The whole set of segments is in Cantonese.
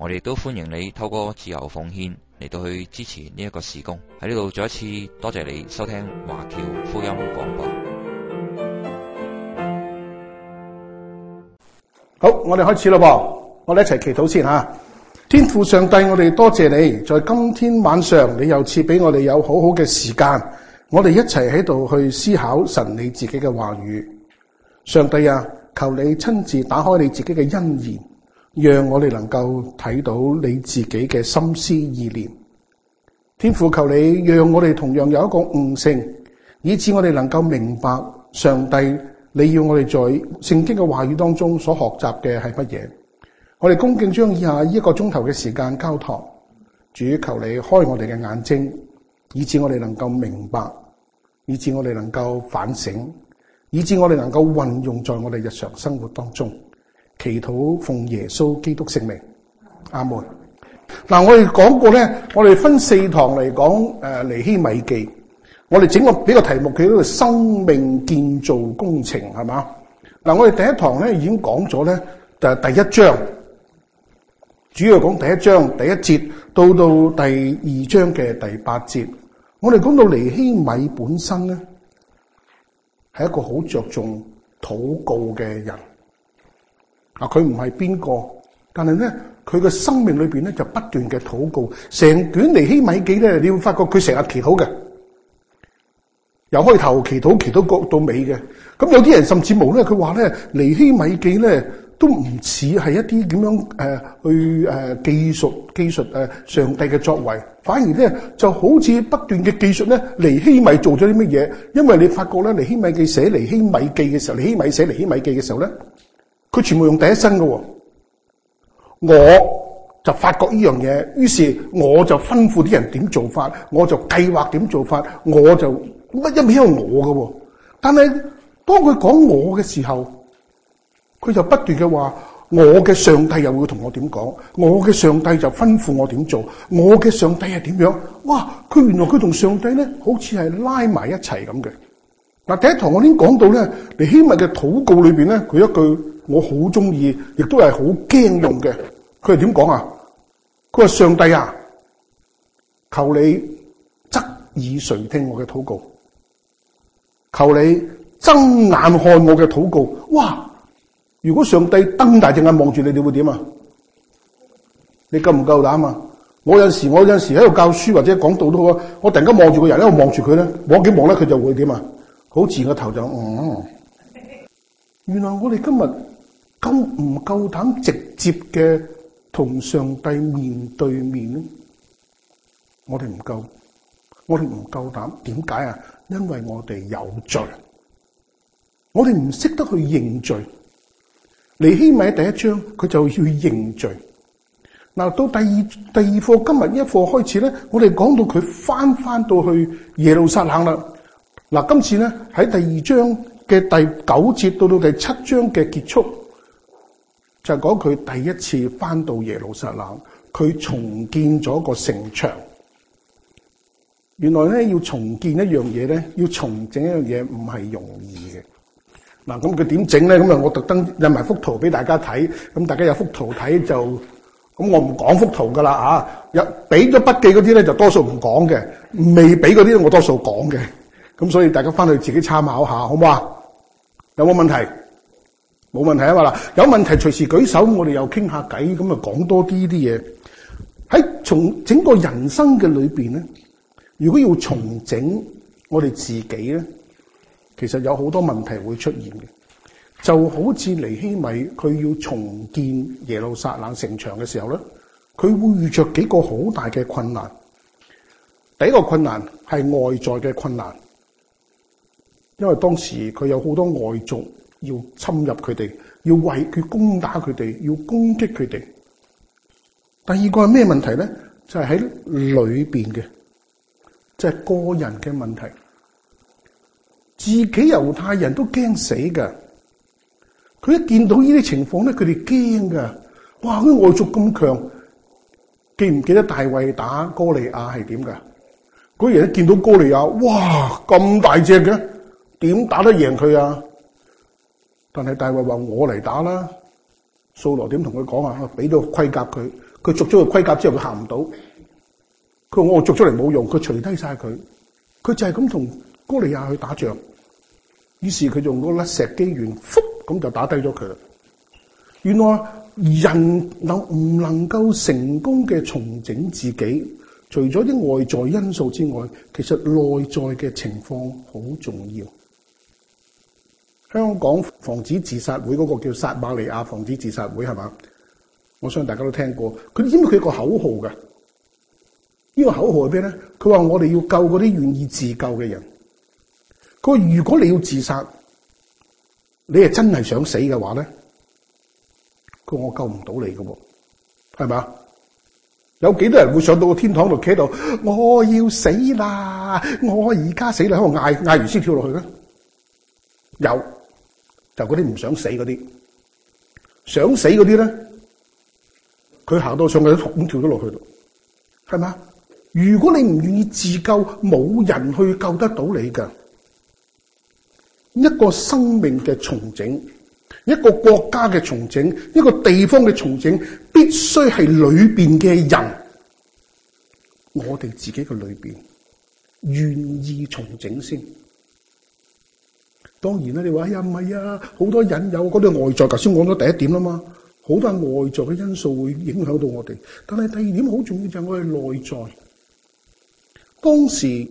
我哋都歡迎你透過自由奉獻嚟到去支持呢一個事工，喺呢度再一次多謝你收聽華僑福音廣播。好，我哋開始喇噃，我哋一齊祈禱先吓。天父上帝，我哋多謝你，在今天晚上，你又賜俾我哋有好好嘅時間，我哋一齊喺度去思考神你自己嘅話語。上帝啊，求你親自打開你自己嘅恩言。讓我哋能夠睇到你自己嘅心思意念，天父，求你讓我哋同樣有一個悟性，以至我哋能夠明白上帝，你要我哋在聖經嘅話語當中所學習嘅係乜嘢。我哋恭敬將以下一個鐘頭嘅時間交託主，求你開我哋嘅眼睛，以至我哋能夠明白，以至我哋能夠反省，以至我哋能夠運用在我哋日常生活當中。祈禱奉耶穌基督聖名，阿門。嗱，我哋講過咧，我哋分四堂嚟講誒，尼希米記，我哋整個俾個題目叫做生命建造工程，係嘛？嗱，我哋第一堂咧已經講咗咧，就係第一章，主要講第一章第一節到到第二章嘅第八節，我哋講到尼希米本身咧，係一個好着重禱告嘅人。啊！佢唔係邊個，但係咧，佢個生命裏邊咧就不斷嘅禱告。成卷尼希米記咧，你會發覺佢成日祈禱嘅，由開頭祈禱，祈禱到尾到尾嘅。咁有啲人甚至無咧，佢話咧，尼希米記咧都唔似係一啲點樣誒、呃、去誒記述記述誒上帝嘅作為，反而咧就好似不斷嘅記述咧，尼希米做咗啲乜嘢？因為你發覺咧，尼希米記寫尼希米記嘅時候，尼希米寫尼希米記嘅時候咧。佢全部用第一身嘅、哦，我就發覺呢樣嘢。於是我就吩咐啲人點做法，我就計劃點做法，我就乜一味都我嘅、哦。但係當佢講我嘅時候，佢就不斷嘅話。我嘅上帝又會同我點講？我嘅上帝就吩咐我點做？我嘅上帝係點樣？哇！佢原來佢同上帝咧好似係拉埋一齊咁嘅嗱。第一堂我已先講到咧，你希密嘅禱告裏邊咧，佢一句。我好中意，亦都係好驚用嘅。佢係點講啊？佢話上帝啊，求你側耳垂聽我嘅禱告，求你睜眼看我嘅禱告。哇！如果上帝瞪大隻眼望住你哋，你會點啊？你夠唔夠膽啊？我有陣時，我有陣時喺度教書或者講道都好啊。我突然間望住個人喺度望住佢咧，望幾望咧，佢就會點啊？好自然個頭就，哦、嗯，原來我哋今日。夠唔夠膽直接嘅同上帝面對面咧？我哋唔夠，我哋唔夠膽。點解啊？因為我哋有罪，我哋唔識得去認罪。尼希米喺第一章佢就要認罪。嗱，到第二第二課今日一課開始咧，我哋講到佢翻翻到去耶路撒冷啦。嗱，今次咧喺第二章嘅第九節到到第七章嘅結束。就講佢第一次返到耶路撒冷，佢重建咗個城牆。原來咧要重建一樣嘢咧，要重整一樣嘢唔係容易嘅。嗱，咁佢點整咧？咁啊，我特登印埋幅圖俾大家睇。咁大家有幅圖睇就，咁我唔講幅圖㗎喇吓。有俾咗筆記嗰啲咧，就多數唔講嘅；未俾嗰啲，我多數講嘅。咁所以大家返去自己參考下，好唔好啊？有冇問題？冇問題啊嘛啦，有問題隨時舉手，我哋又傾下偈，咁啊講多啲啲嘢。喺從整個人生嘅裏邊咧，如果要重整我哋自己咧，其實有好多問題會出現嘅。就好似尼希米佢要重建耶路撒冷城牆嘅時候咧，佢會遇着幾個好大嘅困難。第一個困難係外在嘅困難，因為當時佢有好多外族。要侵入佢哋，要為佢攻打佢哋，要攻擊佢哋。第二個係咩問題咧？就係喺裏邊嘅，即係個人嘅問題。自己猶太人都驚死嘅，佢一見到呢啲情況咧，佢哋驚噶。哇！嗰啲外族咁強，記唔記得大衛打哥利亞係點噶？嗰個人一見到哥利亞，哇！咁大隻嘅，點打得贏佢啊？但係大衛話我嚟打啦，掃羅點同佢講啊？俾到盔甲佢，佢著咗個盔甲之後佢行唔到。佢話我著咗嚟冇用，佢除低晒佢，佢就係咁同哥利亞去打仗。於是佢用嗰粒石機緣，咁就打低咗佢。原來人能唔能夠成功嘅重整自己，除咗啲外在因素之外，其實內在嘅情況好重要。香港防止自殺會嗰個叫撒瑪利亞防止自殺會係嘛？我相信大家都聽過。佢知唔知佢有個口號嘅，呢、這個口號係咩咧？佢話我哋要救嗰啲願意自救嘅人。佢話如果你要自殺，你係真係想死嘅話咧，佢話我救唔到你嘅，係嘛？有幾多人會上到個天堂度企度？我要死啦！我而家死啦！喺度嗌嗌完先跳落去咧？有。就嗰啲唔想死嗰啲，想死嗰啲咧，佢行到上去都咁跳咗落去度，係咪啊？如果你唔願意自救，冇人去救得到你噶。一個生命嘅重整，一個國家嘅重整，一個地方嘅重整，必須係裏邊嘅人，我哋自己嘅裏邊願意重整先。當然啦，你話哎呀唔係啊，好多引誘嗰啲外在，頭先講咗第一點吖嘛，好多外在嘅因素會影響到我哋。但係第二點好重要就係我哋內在。當時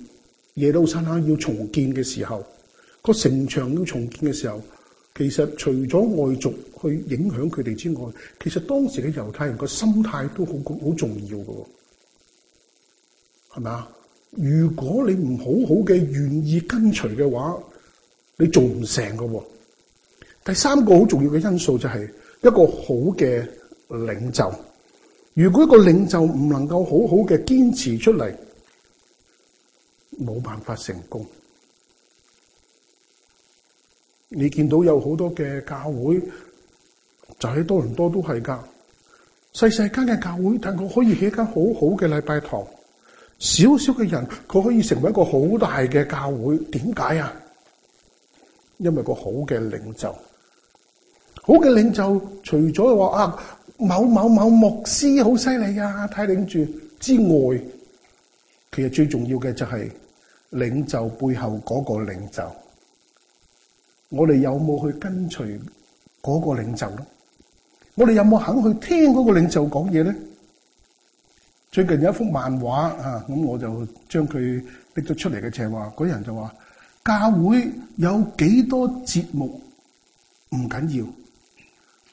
耶路撒冷要重建嘅時候，個城牆要重建嘅時候，其實除咗外族去影響佢哋之外，其實當時嘅猶太人個心態都好好重要㗎喎，係咪啊？如果你唔好好嘅願意跟隨嘅話，你做唔成噶喎。第三個好重要嘅因素就係一個好嘅領袖。如果一個領袖唔能夠好好嘅堅持出嚟，冇辦法成功。你見到有好多嘅教會就喺多倫多都係噶，細細間嘅教會，但佢可以起一間好好嘅禮拜堂。小小嘅人，佢可以成為一個好大嘅教會。點解啊？因為個好嘅領袖，好嘅領袖除，除咗話啊某某某牧師好犀利啊，帶領住之外，其實最重要嘅就係領袖背後嗰個領袖，我哋有冇去跟隨嗰個領袖咯？我哋有冇肯去聽嗰個領袖講嘢咧？最近有一幅漫畫啊，咁我就將佢逼咗出嚟嘅，就話嗰人就話。教會有幾多節目唔緊要，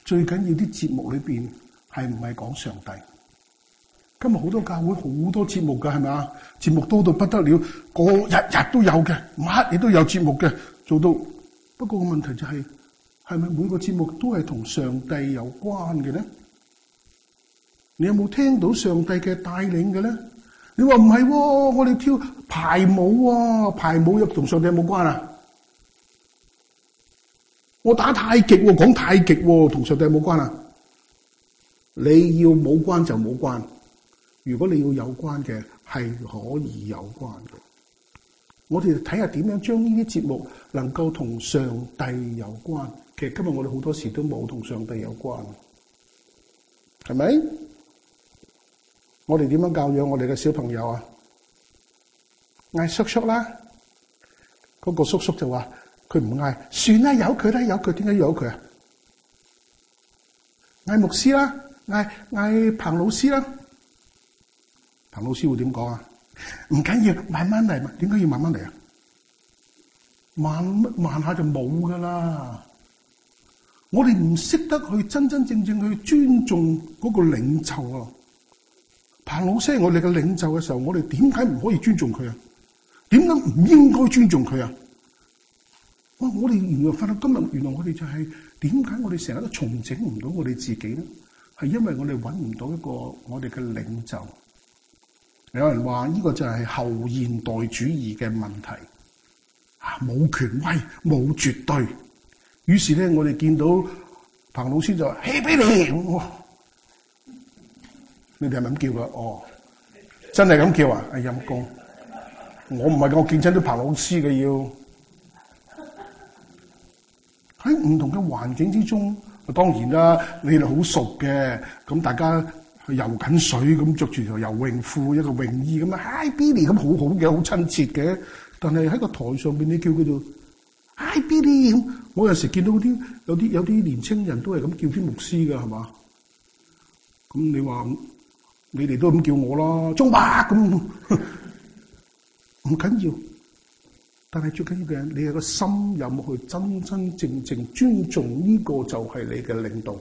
最緊要啲節目裏邊係唔係講上帝？今日好多教會好多節目噶係咪啊？節目多到不得了，個日日都有嘅，晚黑亦都有節目嘅，做到。不過個問題就係、是，係咪每個節目都係同上帝有關嘅咧？你有冇聽到上帝嘅帶領嘅咧？你話唔係喎，我哋跳排舞喎、啊，排舞又同上帝冇關啊？我打太極喎、哦，講太極喎、哦，同上帝冇關啊？你要冇關就冇關，如果你要有關嘅，係可以有關嘅。我哋睇下點樣將呢啲節目能夠同上帝有關。其實今日我哋好多時都冇同上帝有關，係咪？我哋點樣教養我哋嘅小朋友啊？嗌叔叔啦、啊，嗰、那個叔叔就話：佢唔嗌，算啦，有佢啦，有佢，點解要有佢啊？嗌牧師啦，嗌嗌彭老師啦、啊，彭老師會點講啊？唔緊要，慢慢嚟，點解要慢慢嚟啊？慢慢下就冇㗎喇！我哋唔識得去真真正正去尊重嗰個領袖。彭老師，係我哋嘅領袖嘅時候，我哋點解唔可以尊重佢啊？點解唔應該尊重佢啊？哇！我哋原來翻到今日，原來我哋就係點解我哋成日都重整唔到我哋自己咧？係因為我哋揾唔到一個我哋嘅領袖。有人話呢個就係後現代主義嘅問題。啊！冇權威，冇絕對。於是咧，我哋見到彭老師就話：「嘿，畀你！Hey,」你哋係咪咁叫噶？哦，真係咁叫啊！阿陰公，我唔係噶，我見親都拍老師嘅要喺唔同嘅環境之中，當然啦。你哋好熟嘅，咁大家去游緊水，咁着住條游泳褲一個泳衣咁啊，嗨 Billy 咁好好嘅，好親切嘅。但係喺個台上邊你叫佢做嗨 Billy 咁，我有時見到啲有啲有啲年青人都係咁叫啲牧師噶，係嘛？咁你話？你哋都咁叫我啦，鍾伯咁，唔緊要。但係最緊要嘅，你個心有冇去真真正正尊重呢個就係你嘅領導。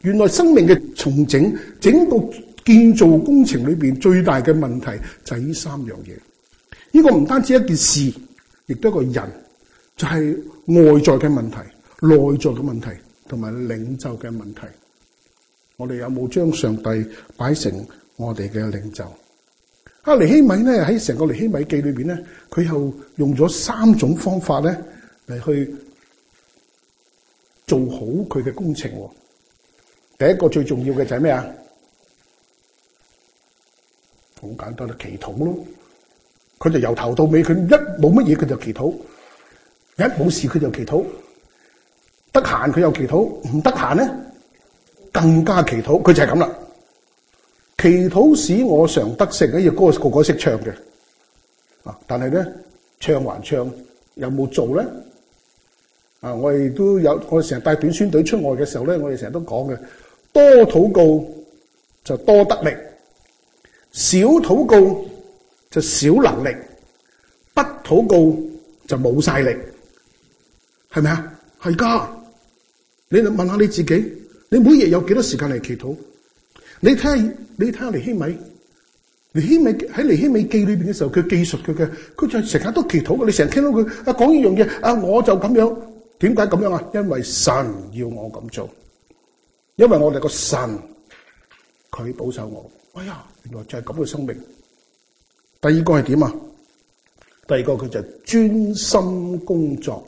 原來生命嘅重整，整個建造工程裏邊最大嘅問題就係呢三樣嘢。呢個唔單止一件事，亦都係一個人，就係外在嘅問題、內在嘅問題同埋領袖嘅問題。我哋有冇將上帝擺成我哋嘅領袖？啊，尼希米咧喺成個尼希米記裏邊咧，佢又用咗三種方法咧嚟去做好佢嘅工程。第一個最重要嘅就係咩啊？好簡單啦，祈禱咯。佢就由頭到尾，佢一冇乜嘢佢就祈禱，一冇事佢就祈禱，得閒佢又祈禱，唔得閒咧，更加祈禱，佢就係咁啦。祈禱使我常得勝，呢隻歌個個識唱嘅。啊，但係咧，唱還唱，有冇做咧？啊，我哋都有，我哋成日帶短宣隊出外嘅時候咧，我哋成日都講嘅，多禱告就多得力，少禱告就少能力，不禱告就冇晒力，係咪啊？係噶，你問下你自己。你每日有幾多時間嚟祈禱？你睇下，你睇下尼希米，尼希米喺尼希米記裏邊嘅時候，佢記述佢嘅，佢就成日都祈禱嘅。你成日聽到佢啊講呢樣嘢，啊，啊我就咁樣，點解咁樣啊？因為神要我咁做，因為我哋個神佢保守我。哎呀，原來就係咁嘅生命。第二個係點啊？第二個佢就專心工作。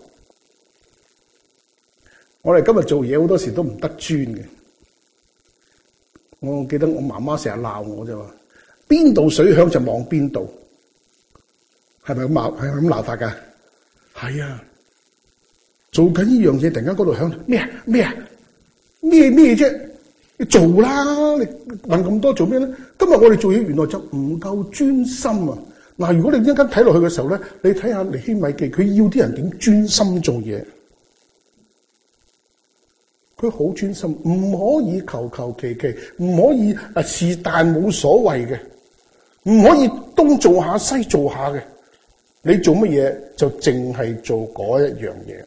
我哋今日做嘢好多時都唔得專嘅。我記得我媽媽成日鬧我啫，話邊度水響就望邊度，係咪咁鬧？係咁鬧法噶？係啊，做緊呢樣嘢，突然間嗰度響咩啊？咩咩咩啫？你做啦，你問咁多做咩咧？今日我哋做嘢原來就唔夠專心啊！嗱、啊，如果你一陣間睇落去嘅時候咧，你睇下尼希米記，佢要啲人點專心做嘢。佢好專心，唔可以求求其其，唔可以啊是但冇所謂嘅，唔可以東做下西做下嘅。你做乜嘢就淨係做嗰一樣嘢。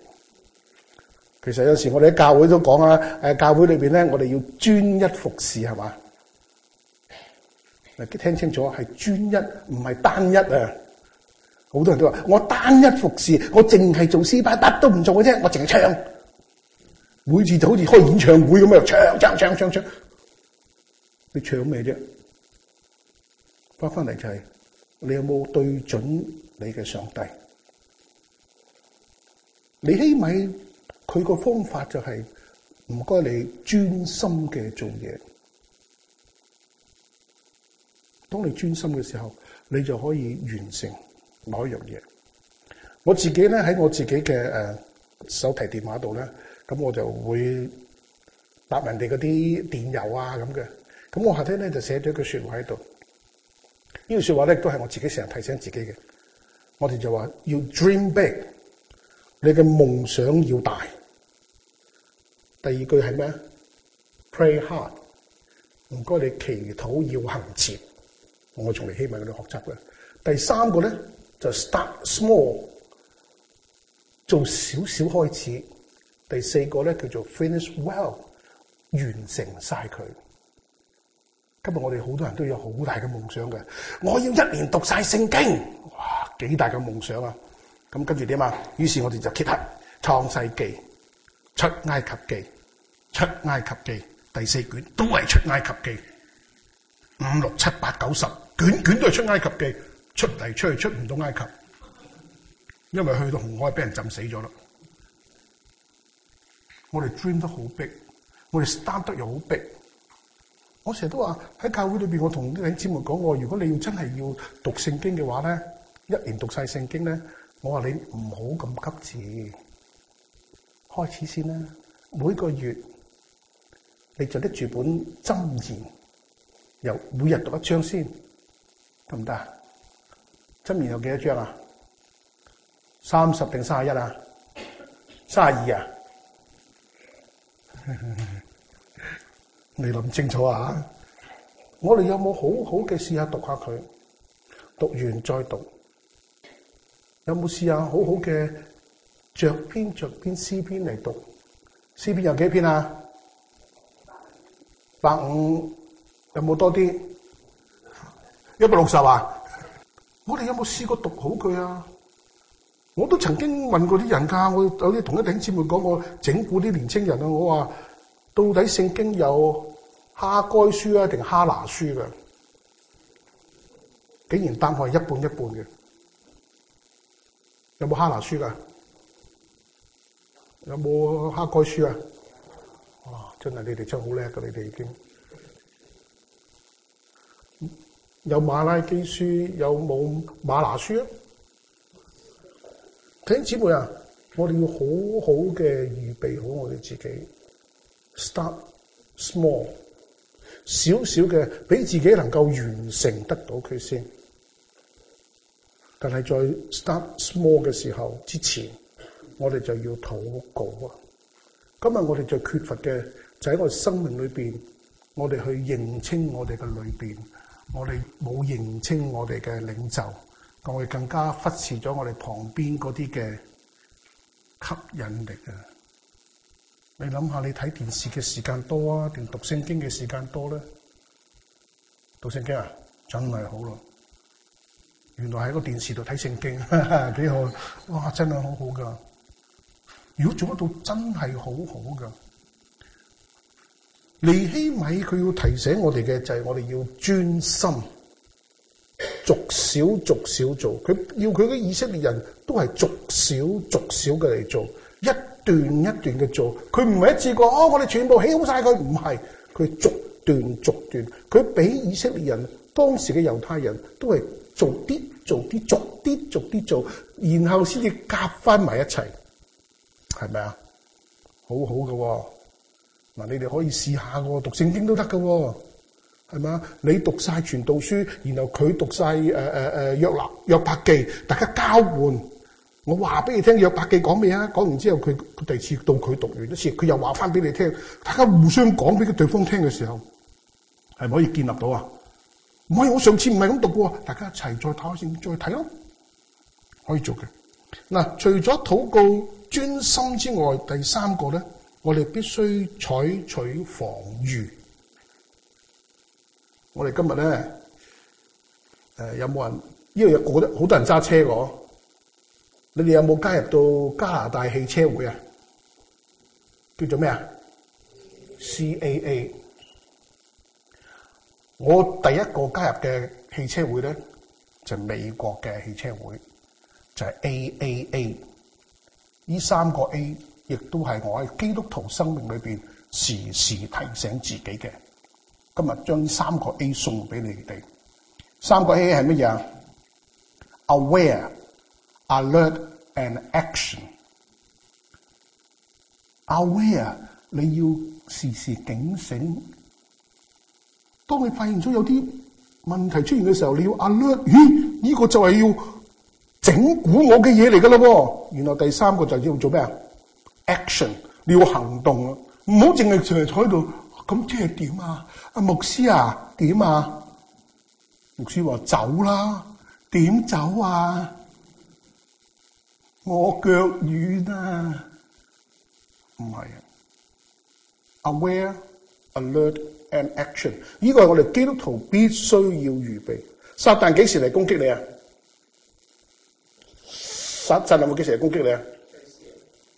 其實有時我哋喺教會都講啊，誒教會裏邊咧，我哋要專一服侍，係嘛？嗱，聽清楚，係專一，唔係單一啊！好多人都話我單一服侍，我淨係做詩班，乜都唔做嘅啫，我淨係唱。每次就好似開演唱會咁樣，唱唱唱唱唱，你唱咩啫？翻翻嚟就係、是、你有冇對準你嘅上帝？尼希米佢個方法就係唔該，你專心嘅做嘢。當你專心嘅時候，你就可以完成某一樣嘢。我自己咧喺我自己嘅誒手提電話度咧。咁我就會答人哋嗰啲電郵啊咁嘅。咁我下屘咧就寫咗句説話喺度。這個、呢句説話咧都係我自己成日提醒自己嘅。我哋就話要 dream big，你嘅夢想要大。第二句係咩？Pray hard，唔該你祈禱要行前。我從嚟希望你哋學習嘅。第三個咧就 start small，做少少開始。第四個咧叫做 finish well，完成晒佢。今日我哋好多人都有好大嘅夢想嘅，我要一年讀晒聖經，哇，幾大嘅夢想啊！咁跟住點啊？於是我哋就揭開創世記、出埃及記、出埃及記第四卷都係出埃及記，五六七八九十卷卷都係出埃及記，出嚟出去出唔到埃及，因為去到紅海俾人浸死咗咯。我哋 Dream 得好逼，我哋 start 得又好逼。我成日都話喺教會裏邊，我同啲節目講：我如果你要真係要讀聖經嘅話咧，一年讀晒聖經咧，我話你唔好咁急，字開始先啦。每個月你就拎住本箴言，由每日讀一章先得唔得啊？箴言有幾多章啊？三十定三十一啊？三十二啊？ 你諗清楚啊！我哋有冇好好嘅試下讀下佢？讀完再讀，有冇試下好好嘅逐篇、逐篇詩篇嚟讀？詩篇有幾篇啊？百五有冇多啲？一百六十啊！我哋有冇試過讀好佢啊？我都曾經問過啲人㗎，我有啲同一弟兄姊妹講我整蠱啲年青人啊，我話到底聖經有哈該書啊定哈拿書嘅、啊？竟然答案係一半一半嘅，有冇哈拿書㗎、啊？有冇哈該書啊？哇！真係你哋真係好叻㗎，你哋、啊、已經有馬拉基書有冇馬拿書啊？弟兄姊妹啊，我哋要好好嘅預備好我哋自己，start small，少少嘅俾自己能夠完成得到佢先。但係在 start small 嘅時候之前，我哋就要禱告啊。今日我哋最缺乏嘅就喺我哋生命裏邊，我哋去認清我哋嘅裏邊，我哋冇認清我哋嘅領袖。我哋更加忽視咗我哋旁邊嗰啲嘅吸引力啊！你諗下，你睇電視嘅時間多啊，定讀聖經嘅時間多咧？讀聖經啊，真係好咯！原來喺個電視度睇聖經，幾好哇！真係好好噶。如果做得到真，真係好好噶。尼希米佢要提醒我哋嘅就係我哋要專心。逐少逐少做，佢要佢嘅以色列人都係逐少逐少嘅嚟做，一段一段嘅做，佢唔係一次過哦，我哋全部起好晒佢，唔係，佢逐段逐段，佢俾以色列人當時嘅猶太人都係逐啲逐啲，逐啲逐啲做，然後先至夾翻埋一齊，係咪啊？好好㗎喎，嗱，你哋可以試下喎，讀聖經都得㗎喎。係嘛？你讀晒全道書，然後佢讀晒誒誒誒約拿約伯記，大家交換。我話俾你聽，約伯記講咩啊？講完之後，佢佢第二次到佢讀完一次，佢又話翻俾你聽。大家互相講俾佢對方聽嘅時候，係咪可以建立到啊？唔可以，我上次唔係咁讀喎。大家一齊再睇先，再睇咯。可以做嘅嗱、呃，除咗禱告專心之外，第三個咧，我哋必須採取防禦。我哋今日咧，誒、呃、有冇人？因為有，我覺得好多人揸車嘅。你哋有冇加入到加拿大汽車會啊？叫做咩啊？CAA。我第一個加入嘅汽車會咧，就是、美國嘅汽車會，就係、是、AAA。呢三個 A，亦都係我喺基督徒生命裏邊時時提醒自己嘅。今日將三個 A 送俾你哋。三個 A 係乜嘢？Aware、Alert and Action。Aware 你要時時警醒，當你發現咗有啲問題出現嘅時候，你要 Alert。咦？呢個就係要整蠱我嘅嘢嚟㗎啦。喎，原來第三個就係要做咩啊？Action 你要行動啊，唔好淨係淨係坐喺度。咁即係點啊？牧師啊，點啊？牧師話走啦，點走啊？我腳軟啊！唔係啊，Aware, alert and action, 呢個係我哋基督徒必須要預備。撒旦幾時嚟攻擊你啊？撒旦會唔會幾時嚟攻擊你啊？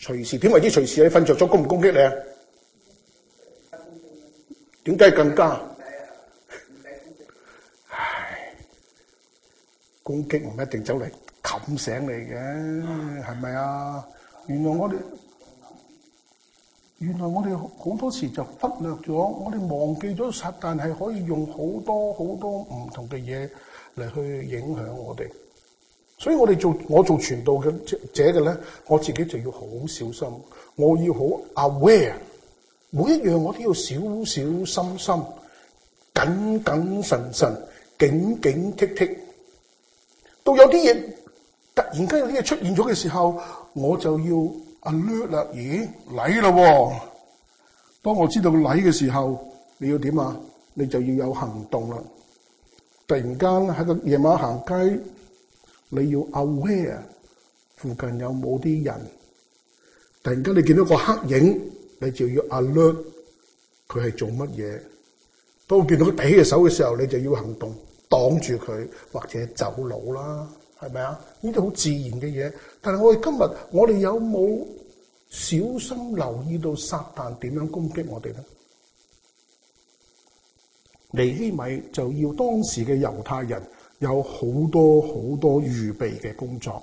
隨時點為之？隨時你瞓着咗攻唔攻擊你啊？點解更加？唉，攻擊唔一定走嚟冚醒你嘅，係咪啊？原來我哋，原來我哋好多時就忽略咗，我哋忘記咗，撒但係可以用好多好多唔同嘅嘢嚟去影響我哋。所以我哋做我做傳道嘅者嘅咧，我自己就要好小心，我要好 aware。每一樣我都要小小心心、謹謹慎慎、警警惕惕。到有啲嘢突然間有啲嘢出現咗嘅時候，我就要 alert 啦。咦，禮咯、哦！當我知道禮嘅時候，你要點啊？你就要有行動啦。突然間喺個夜晚行街，你要 aware 附近有冇啲人？突然間你見到個黑影。你就要 l 啊略佢係做乜嘢？當見到佢比嘅手嘅時候，你就要行動，擋住佢或者走佬啦，係咪啊？呢啲好自然嘅嘢。但係我哋今日，我哋有冇小心留意到撒旦點樣攻擊我哋咧？尼希米就要當時嘅猶太人有好多好多預備嘅工作。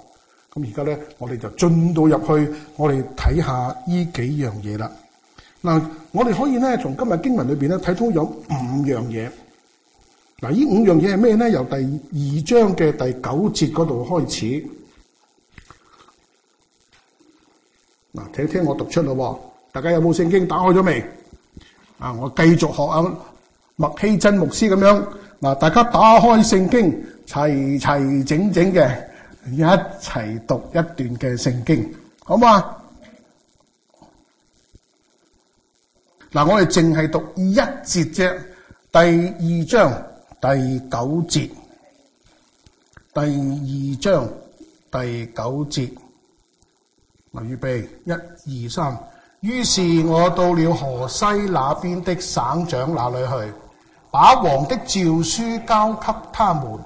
咁而家咧，我哋就進到入去，我哋睇下呢幾樣嘢啦。嗱，我哋可以咧，從今日經文裏邊咧睇到有五樣嘢。嗱，呢五樣嘢係咩咧？由第二章嘅第九節嗰度開始。嗱，一聽我讀出咯，大家有冇聖經打開咗未？啊，我繼續學啊麥希真牧師咁樣。嗱，大家打開聖經，齊齊整整嘅一齊讀一段嘅聖經，好嘛？嗱，我哋淨係讀一節啫，第二章第九節，第二章第九節。嗱，預備，一、二、三。於是，我到了河西那邊的省長那裡去，把王的詔書交給他們。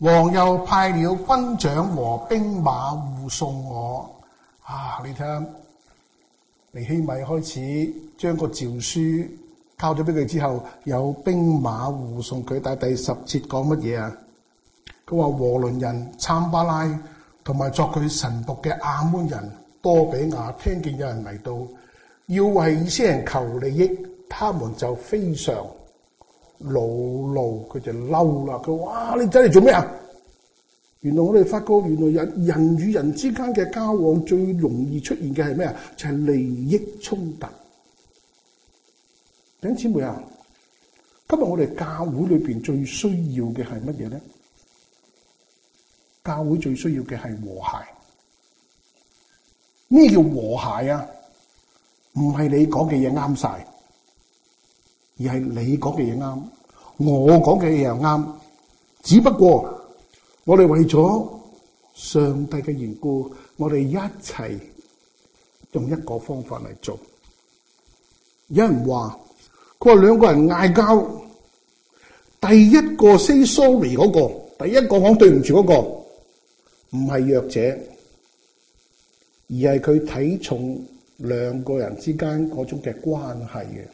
王又派了軍長和兵馬護送我。啊，你聽。尼希米開始將個詔書交咗俾佢之後，有兵馬護送佢。但第十節講乜嘢啊？佢話，和倫人參巴拉同埋作佢神僕嘅亞門人多比亞，聽見有人嚟到要為以色列人求利益，他們就非常惱怒，佢就嬲啦。佢話：哇！你走嚟做咩啊？原來我哋發覺，原來人人與人之間嘅交往最容易出現嘅係咩啊？就係、是、利益衝突。頂姊妹啊，今日我哋教會裏邊最需要嘅係乜嘢咧？教會最需要嘅係和諧。咩叫和諧啊？唔係你講嘅嘢啱晒，而係你講嘅嘢啱，我講嘅嘢又啱，只不過。我哋為咗上帝嘅緣故，我哋一齊用一個方法嚟做。有人話佢話兩個人嗌交，第一個 say sorry 嗰個，第一個講對唔住嗰個，唔係弱者，而係佢睇重兩個人之間嗰種嘅關係嘅。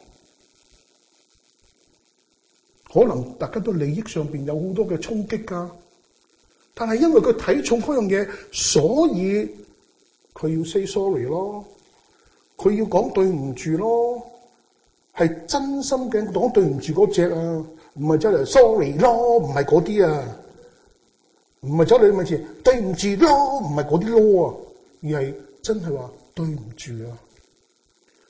可能大家都利益上邊有好多嘅衝擊啊！但係因為佢睇重嗰樣嘢，所以佢要 say sorry 咯，佢要講對唔住咯，係真心嘅講對唔住嗰隻啊，唔係走嚟 sorry 咯，唔係嗰啲啊，唔係走嚟唔好意思，對唔住咯，唔係嗰啲咯啊，而係真係話對唔住啊，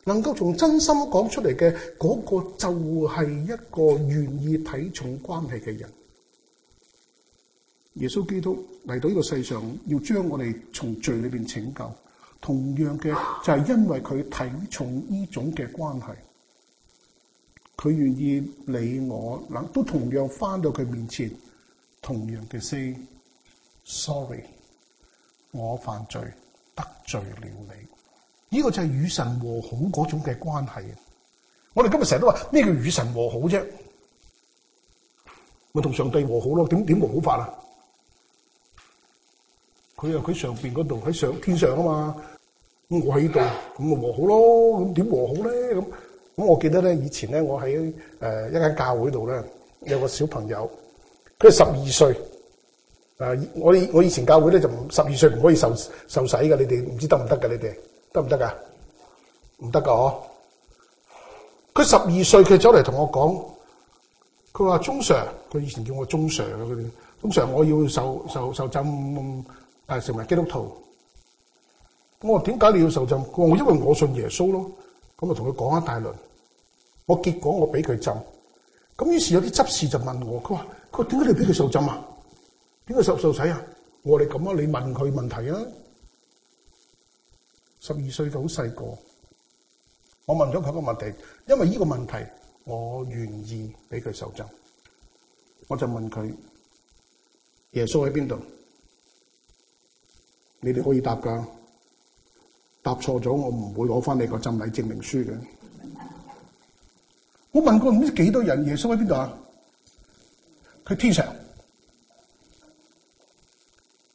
能夠從真心講出嚟嘅嗰個就係一個願意睇重關係嘅人。耶穌基督嚟到呢個世上，要將我哋從罪裏邊拯救。同樣嘅就係、是、因為佢睇重呢種嘅關係，佢願意你我，那都同樣返到佢面前，同樣嘅 say sorry，我犯罪得罪了你。呢、這個就係與神和好嗰種嘅關係啊！我哋今日成日都話咩叫與神和好啫？咪同上帝和好咯？點點和好法啊？佢又佢上邊嗰度喺上天上啊嘛，咁我喺度，咁咪和好咯？咁點和好咧？咁咁我記得咧，以前咧我喺誒一間教會度咧，有個小朋友，佢係十二歲，誒我我以前教會咧就十二歲唔可以受受洗嘅，你哋唔知得唔得嘅？你哋得唔得噶？唔得噶呵！佢十二歲，佢走嚟同我講，佢話鍾 Sir，佢以前叫我鍾 Sir 嘅佢，鍾 Sir 我要受受受浸。但係成為基督徒，我話點解你要受浸？我因為我信耶穌咯，咁我同佢講一大輪。我結果我俾佢浸，咁於是有啲執事就問我：佢話佢點解你俾佢受浸啊？點解受受洗啊？我哋咁樣，你問佢問題啊。十二歲嘅好細個，我問咗佢個問題，因為呢個問題我願意俾佢受浸，我就問佢：耶穌喺邊度？你哋可以答噶，答錯咗我唔會攞翻你個浸禮證明書嘅。嗯、我問過唔知幾多人，耶穌喺邊度啊？佢天上。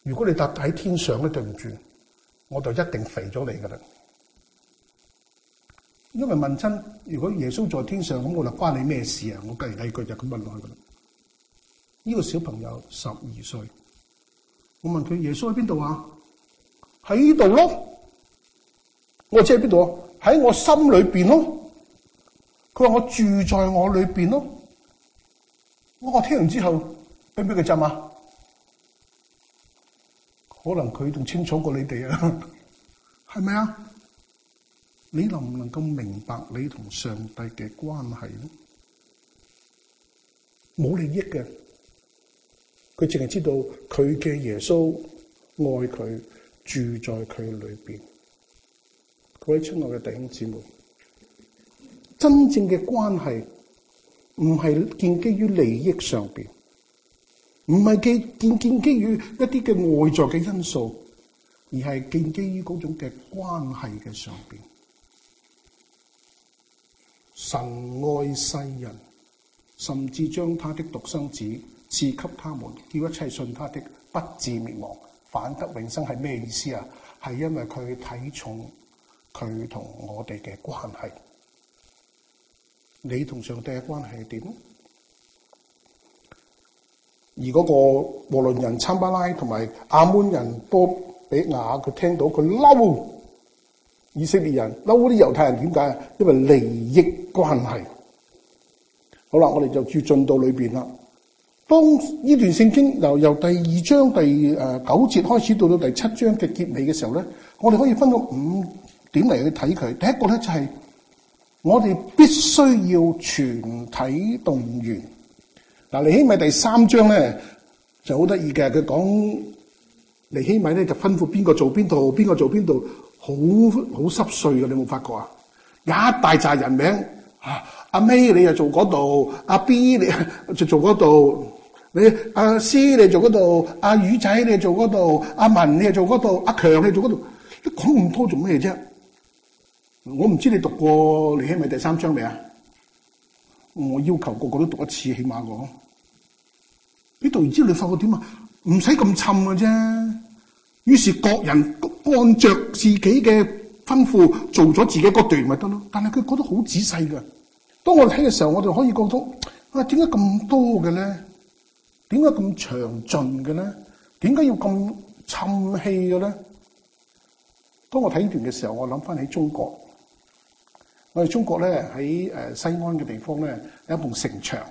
如果你答喺天上咧，對唔住，我就一定肥咗你噶啦。因為問親，如果耶穌在天上咁，我就關你咩事啊？我繼而呢句就咁問落去噶啦。呢、這個小朋友十二歲，我問佢耶穌喺邊度啊？喺度咯，我知喺邊度？喺我心裏邊咯。佢話我住在我裏邊咯。我聽完之後俾唔俾佢浸啊？可能佢仲清楚過你哋啊？係咪啊？你能唔能夠明白你同上帝嘅關係？冇利益嘅，佢淨係知道佢嘅耶穌愛佢。住在佢裏邊，各位親愛嘅弟兄姊妹，真正嘅關係唔係建基於利益上邊，唔係建建建基於一啲嘅外在嘅因素，而係建基於嗰種嘅關係嘅上邊。神愛世人，甚至將他的獨生子賜給他們，叫一切信他的，不至滅亡。反得永生係咩意思啊？係因為佢睇重佢同我哋嘅關係。你同上帝嘅關係點？而嗰個和倫人參巴拉同埋亞捫人多比雅佢聽到，佢嬲以色列人嬲啲猶太人點解啊？因為利益關係。好啦，我哋就住進到裏邊啦。當呢段聖經由由第二章第誒九節開始到到第七章嘅結尾嘅時候咧，我哋可以分到五點嚟去睇佢。第一個咧就係、是、我哋必須要全體動員。嗱，尼希米第三章咧就好得意嘅，佢講尼希米咧就吩咐邊個做邊度，邊個做邊度，好好濕碎嘅。你冇發覺啊？一大扎人名，阿、啊、May，你又做嗰度，阿、啊、B 你就做嗰度。你阿詩、啊、你做嗰度，阿、啊、魚仔你做嗰度，阿、啊、文你做嗰度，阿、啊、強你做嗰度，你講咁多做咩啫？我唔知你讀過尼希米第三章未啊？我要求個個都讀一次，起碼講。你讀完之後你發覺點啊？唔使咁襯嘅啫。於是各人按着自己嘅吩咐做咗自己嗰段咪得咯。但係佢覺得好仔細嘅。當我哋睇嘅時候，我哋可以覺得啊，點解咁多嘅咧？點解咁詳盡嘅咧？點解要咁沉氣嘅咧？當我睇呢段嘅時候，我諗翻起中國，我哋中國咧喺誒西安嘅地方咧有一段城牆，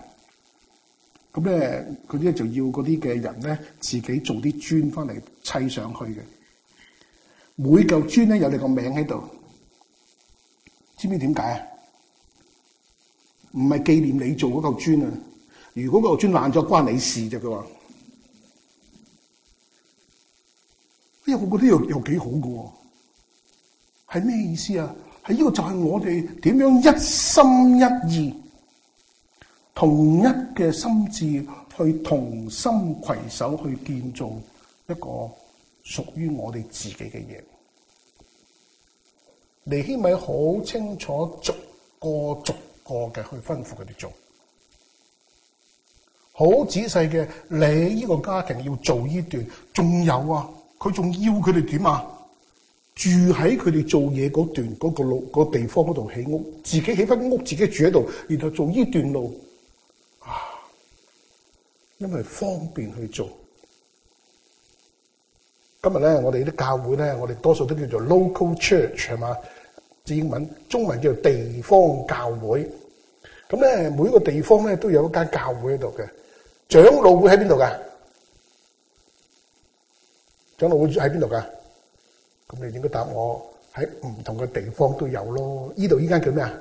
咁咧嗰啲咧就要嗰啲嘅人咧自己做啲磚翻嚟砌上去嘅，每嚿磚咧有你個名喺度，知唔知點解啊？唔係紀念你做嗰嚿磚啊！如果個村爛咗關你事啫，佢話：哎呀，我覺得有又幾好嘅喎。哦，係咩意思啊？係呢個就係我哋點樣一心一意、同一嘅心智去同心攜手去建造一個屬於我哋自己嘅嘢。尼希米好清楚，逐個逐個嘅去吩咐佢哋做。好仔細嘅，你呢個家庭要做呢段，仲有啊！佢仲要佢哋點啊？住喺佢哋做嘢嗰段嗰、那個路、嗰個地方嗰度起屋，自己起翻屋，屋，自己住喺度，然後做呢段路啊！因為方便去做。今日咧，我哋啲教會咧，我哋多數都叫做 local church 係嘛？英文中文叫做地方教會。咁咧，每一個地方咧都有一間教會喺度嘅。長老會喺邊度噶？長老會喺邊度噶？咁你應該答我喺唔同嘅地方都有咯。呢度依間叫咩啊？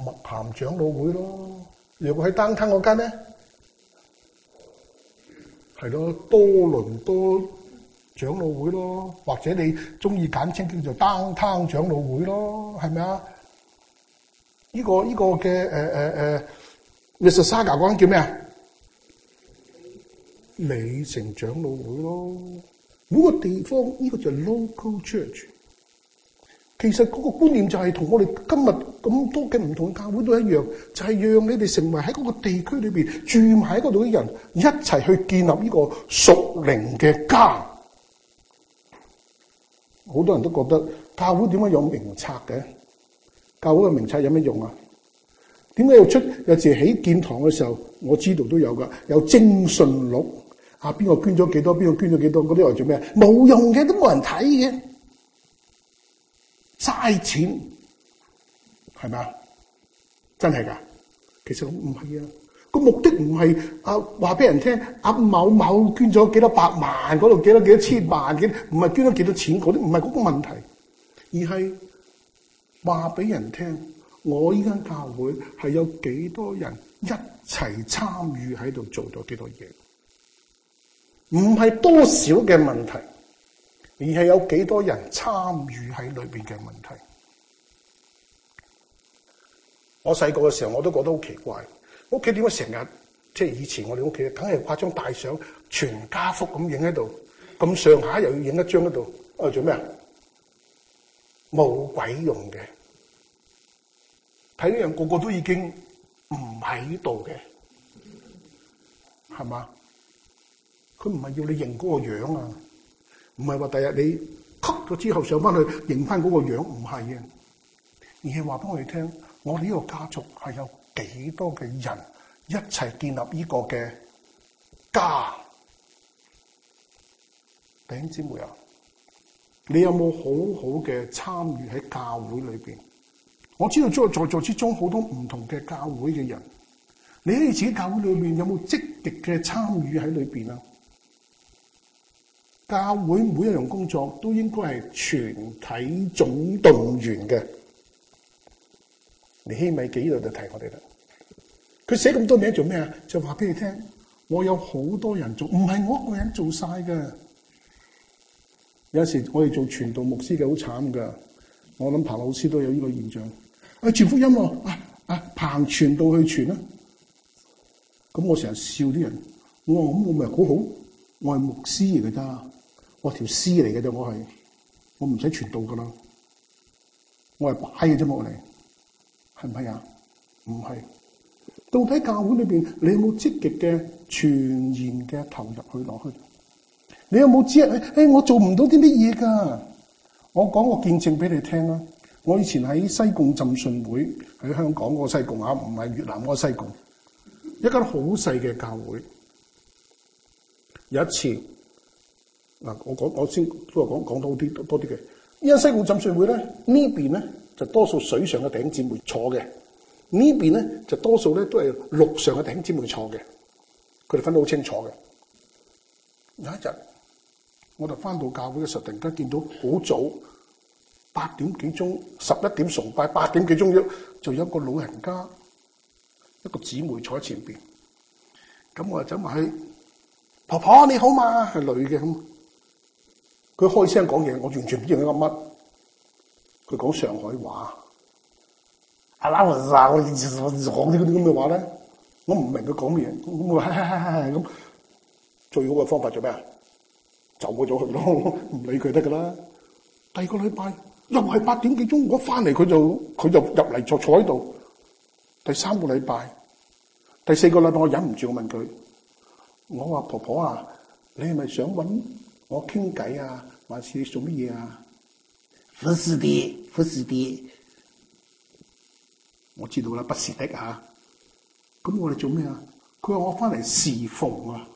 麥咸長老會咯。如果喺丹攤嗰間咧，係咯，多倫多長老會咯，或者你中意簡稱叫做丹攤長老會咯，係咪啊？依、這個呢、這個嘅誒誒、呃、誒、呃呃、，Mississauga 嗰間叫咩啊？你成長老會咯，每、每個地方呢、呢個就 local church。其實嗰個觀念就係同我哋今日咁多嘅唔同嘅教會都一樣，就係、是、讓你哋成為喺嗰個地區裏邊住埋喺嗰度啲人，一齊去建立呢個屬靈嘅家。好多人都覺得教會點解有名冊嘅？教會嘅名冊有咩用啊？點解要出？有時喺建，建堂嘅時候，我知道都有噶，有徵信錄。嚇！邊個、啊、捐咗幾多？邊個捐咗幾多？嗰啲用嚟做咩？冇用嘅，都冇人睇嘅，嘥錢係咪啊？真係㗎？其實唔係啊。個目的唔係啊，話俾人聽阿某某捐咗幾多百萬嗰度，幾多幾多千萬嘅，唔係捐咗幾多錢嗰啲，唔係嗰個問題，而係話俾人聽，我依間教會係有幾多人一齊參與喺度做咗幾多嘢。唔係多少嘅問題，而係有幾多人參與喺裏邊嘅問題。我細個嘅時候，我都覺得好奇怪。屋企點解成日即係以前我哋屋企，梗係掛張大相全家福咁影喺度，咁上下又要影一張喺度。啊、哎，做咩啊？冇鬼用嘅。睇呢樣個個都已經唔喺度嘅，係嘛？佢唔係要你認嗰個樣啊，唔係話第日你吸咗之後上翻去認翻嗰個樣唔係嘅，而係話俾我哋聽，我哋呢個家族係有幾多嘅人一齊建立呢個嘅家。弟兄姊妹啊，你有冇好好嘅參與喺教會裏邊？我知道在座之中好多唔同嘅教會嘅人，你喺自己教會裏面有冇積極嘅參與喺裏邊啊？教會每一樣工作都應該係全體總動員嘅。尼希米幾度就提我哋啦。佢寫咁多名做咩啊？就話俾你聽，我有好多人做，唔係我一個人做晒嘅。有時我哋做傳道牧師嘅好慘噶。我諗彭老師都有呢個現象。啊，傳福音啊啊，彭傳道去傳啦。咁我成日笑啲人，哦、我話我咪好好，我係牧師嚟噶咋？哦、我條絲嚟嘅啫，我係，我唔使傳道噶啦，我係擺嘅啫嘛，你係唔係啊？唔係，到底教會裏邊你有冇積極嘅全然嘅投入去落去？你有冇知？誒、哎、誒，我做唔到啲乜嘢噶？我講個見證俾你聽啦。我以前喺西貢浸信會喺香港個西貢啊，唔係越南個西貢，一間好細嘅教會，有一次。嗱，我講我先，都係講講多啲多啲嘅。因為西湖浸信會咧，呢邊咧就多數水上嘅頂姊妹坐嘅，呢邊咧就多數咧都係陸上嘅頂姊妹坐嘅。佢哋分得好清楚嘅。有一日，我就翻到教會嘅時候，突然間見到好早八點幾鐘，十一點崇拜，八點幾鐘就有一個老人家一個姊妹坐喺前邊。咁我就走埋去，婆婆，你好嘛？係女嘅咁。佢開聲講嘢，我完全唔知佢噏乜。佢講上海話，啊啦， 我講啲啲咁嘅話咧，我唔明佢講咩嘢。咁 最好嘅方法做咩啊？走過咗去咯，唔理佢得㗎啦。第二個禮拜又係八點幾鐘，我翻嚟佢就佢就入嚟坐坐喺度。第三個禮拜，第四個禮拜，我忍唔住我問佢：我話婆婆啊，你係咪想搵？我傾偈啊，還是你做乜嘢啊？不是的，不是的，我知道啦，不是的嚇。咁我哋做咩啊？佢話我翻嚟、啊、侍奉啊，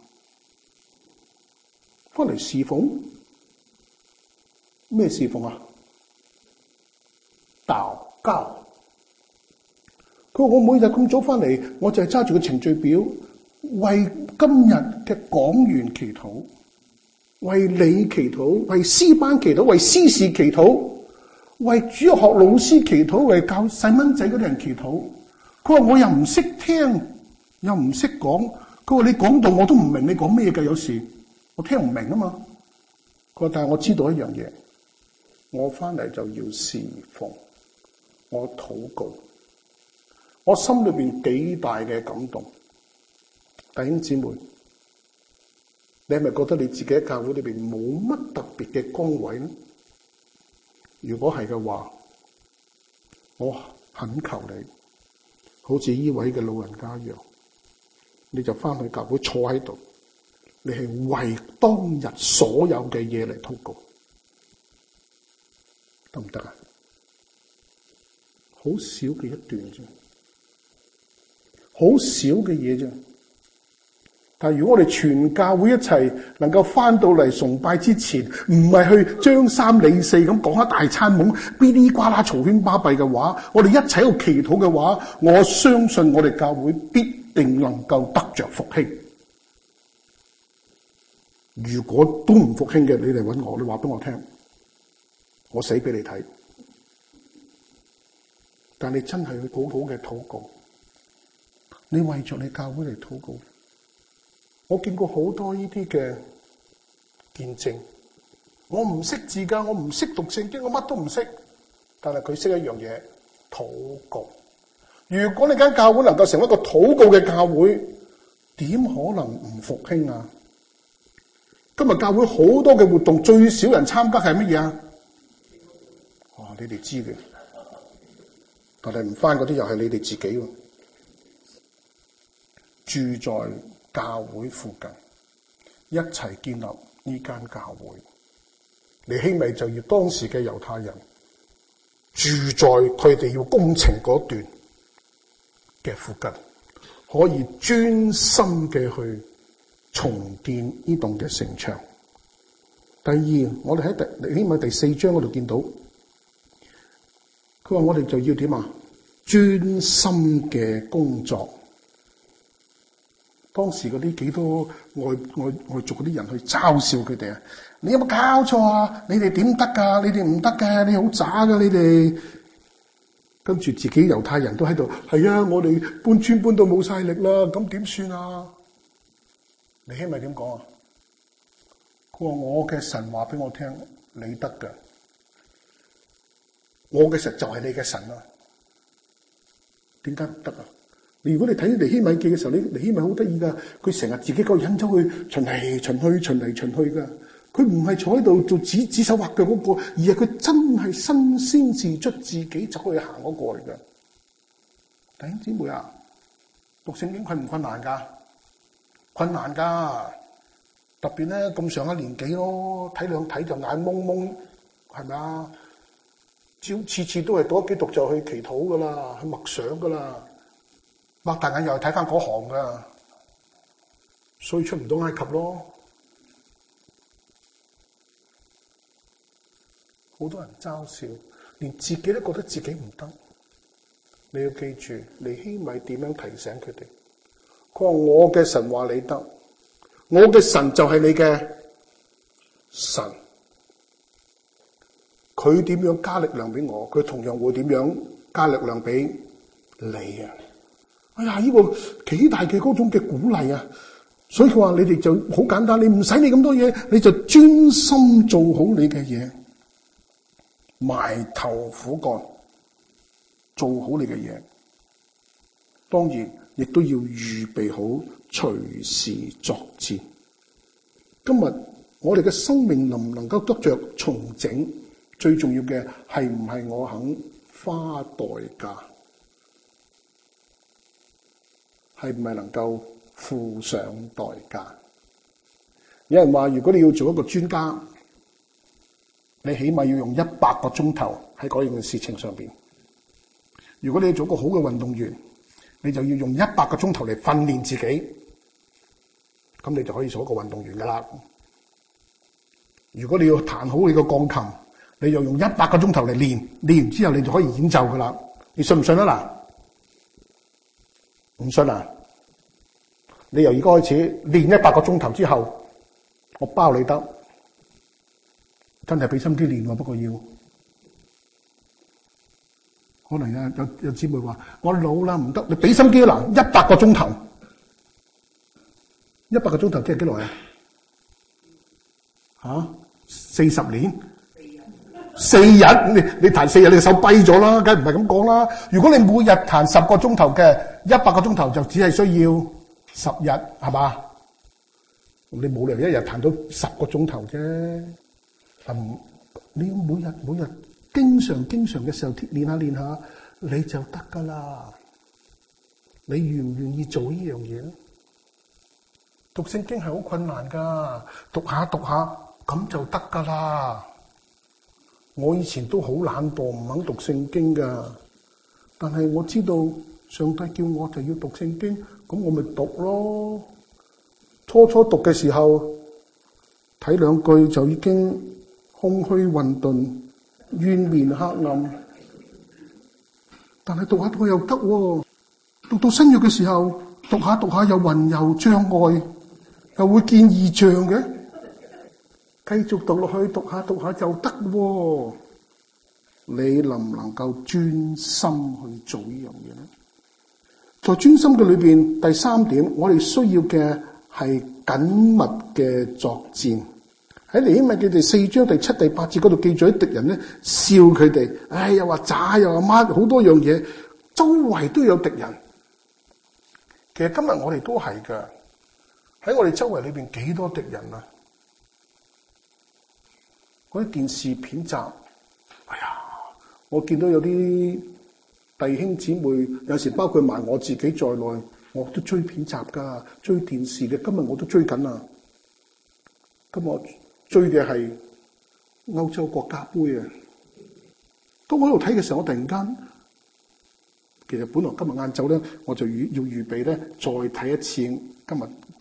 翻嚟侍奉咩侍奉啊？禱告。佢話我每日咁早翻嚟，我就係揸住個程序表，為今日嘅講員祈禱。為你祈禱，為詩班祈禱，為司事祈禱，為主學老師祈禱，為教細蚊仔嗰啲人祈禱。佢話我又唔識聽，又唔識講。佢話你講到我都唔明你講咩嘅，有時我聽唔明啊嘛。佢話但係我知道一樣嘢，我翻嚟，就要侍奉，我禱告，我心裏邊幾大嘅感動，弟兄姊妹。你係咪覺得你自己喺教會裏邊冇乜特別嘅崗位咧？如果係嘅話，我懇求你，好似依位嘅老人家一樣，你就翻去教會坐喺度，你係為當日所有嘅嘢嚟禱告，得唔得啊？好少嘅一段啫，好少嘅嘢啫。但如果我哋全教會一齊能夠翻到嚟崇拜之前，唔係去張三李四咁講下大餐懵，嗶哩呱啦，嘈喧巴閉嘅話，我哋一齊喺度祈禱嘅話，我相信我哋教會必定能夠得着復興。如果都唔復興嘅，你嚟揾我，你話俾我聽，我死俾你睇。但你真係去好好嘅禱告，你為咗你教會嚟禱告。我見過好多呢啲嘅見證，我唔識字噶，我唔識讀聖經，我乜都唔識，但係佢識一樣嘢，禱告。如果你間教會能夠成為一個禱告嘅教會，點可能唔復興啊？今日教會好多嘅活動最少人參加係乜嘢啊？哦，你哋知嘅，但係唔翻嗰啲又係你哋自己住在。教會附近，一齊建立呢間教會。尼希米就要當時嘅猶太人住在佢哋，要工程嗰段嘅附近，可以專心嘅去重建呢棟嘅城牆。第二，我哋喺第尼希米第四章嗰度見到，佢話我哋就要點啊？專心嘅工作。當時嗰啲幾多外、外、外族嗰啲人去嘲笑佢哋啊！你有冇搞錯啊？你哋點得㗎？你哋唔得嘅，你好渣㗎你哋！跟住自己猶太人都喺度，係啊！我哋搬磚搬到冇晒力啦，咁點算啊？尼希米點講啊？佢話我嘅神話畀我聽，你得嘅，我嘅神就係你嘅神咯，點解唔得啊？如果你睇《尼希米記》嘅時候，你尼希米好得意噶，佢成日自己個人走去巡嚟巡去、巡嚟巡去噶，佢唔係坐喺度做指指手畫腳嘅嗰、那個，而係佢真係身先士卒，自己走去行嗰個嚟嘅。弟兄姊妹啊，讀聖經困唔困難噶？困難噶，特別咧咁上一年紀咯，睇兩睇就眼蒙蒙，係咪啊？照次次都係讀一幾讀就去祈禱噶啦，去默想噶啦。擘大眼又睇返嗰行㗎，所以出唔到埃及咯。好多人嘲笑，連自己都覺得自己唔得。你要記住，尼希米點樣提醒佢哋？佢話，我嘅神話你得，我嘅神就係你嘅神。佢點樣加力量俾我，佢同樣會點樣加力量俾你啊！哎呀，呢、這個幾大嘅嗰種嘅鼓勵啊！所以佢話你哋就好簡單，你唔使理咁多嘢，你就專心做好你嘅嘢，埋頭苦幹，做好你嘅嘢。當然，亦都要預備好，隨時作戰。今日我哋嘅生命能唔能夠得着重整？最重要嘅係唔係我肯花代價？係唔係能夠付上代價？有人話：如果你要做一個專家，你起碼要用一百個鐘頭喺嗰樣嘅事情上邊。如果你要做一個好嘅運動員，你就要用一百個鐘頭嚟訓練自己。咁你就可以做一個運動員噶啦。如果你要彈好你個鋼琴，你又用一百個鐘頭嚟練，練完之後你就可以演奏噶啦。你信唔信啊？嗱？唔信啊！你由而家開始練一百個鐘頭之後，我包你得。真係俾心機練喎，不過要可能咧，有有姊妹話我老啦，唔得。你俾心機練一百個鐘頭，一百個鐘頭即係幾耐啊？吓，四十年？四日？你你彈四日，你個手跛咗啦，梗係唔係咁講啦。如果你每日彈十個鐘頭嘅。一百個鐘頭就只係需要十日，係嘛？你冇理由一日彈到十個鐘頭啫。同你每日每日經常經常嘅時候練下練下，你就得噶啦。你願唔願意做呢樣嘢？讀聖經係好困難噶，讀下讀下咁就得噶啦。我以前都好懶惰，唔肯讀聖經噶，但係我知道。上帝叫我就要讀聖經，咁我咪讀咯。初初讀嘅時候睇兩句就已經空虛混沌、淵面黑暗，但係讀下讀下又得喎、哦。讀到新約嘅時候，讀下讀下又混有障礙，又會見異象嘅。繼續讀落去，讀下讀下又得喎、哦。你能唔能夠專心去做呢樣嘢咧？在專心嘅裏面，第三點，我哋需要嘅係緊密嘅作戰。喺尼希米記第四章第七、第八節嗰度記載，敵人咧笑佢哋，唉、哎，又話渣又阿乜，好多樣嘢，周圍都有敵人。其實今日我哋都係噶，喺我哋周圍裏面，幾多敵人啊？嗰啲電視片集，哎呀，我見到有啲。弟兄姊妹，有時包括埋我自己在內，我都追片集噶，追電視嘅。今日我都追緊啦。今日追嘅係歐洲國家杯啊！當我喺度睇嘅時候，我突然間其實本來今日晏晝咧，我就預要預備咧再睇一次。今日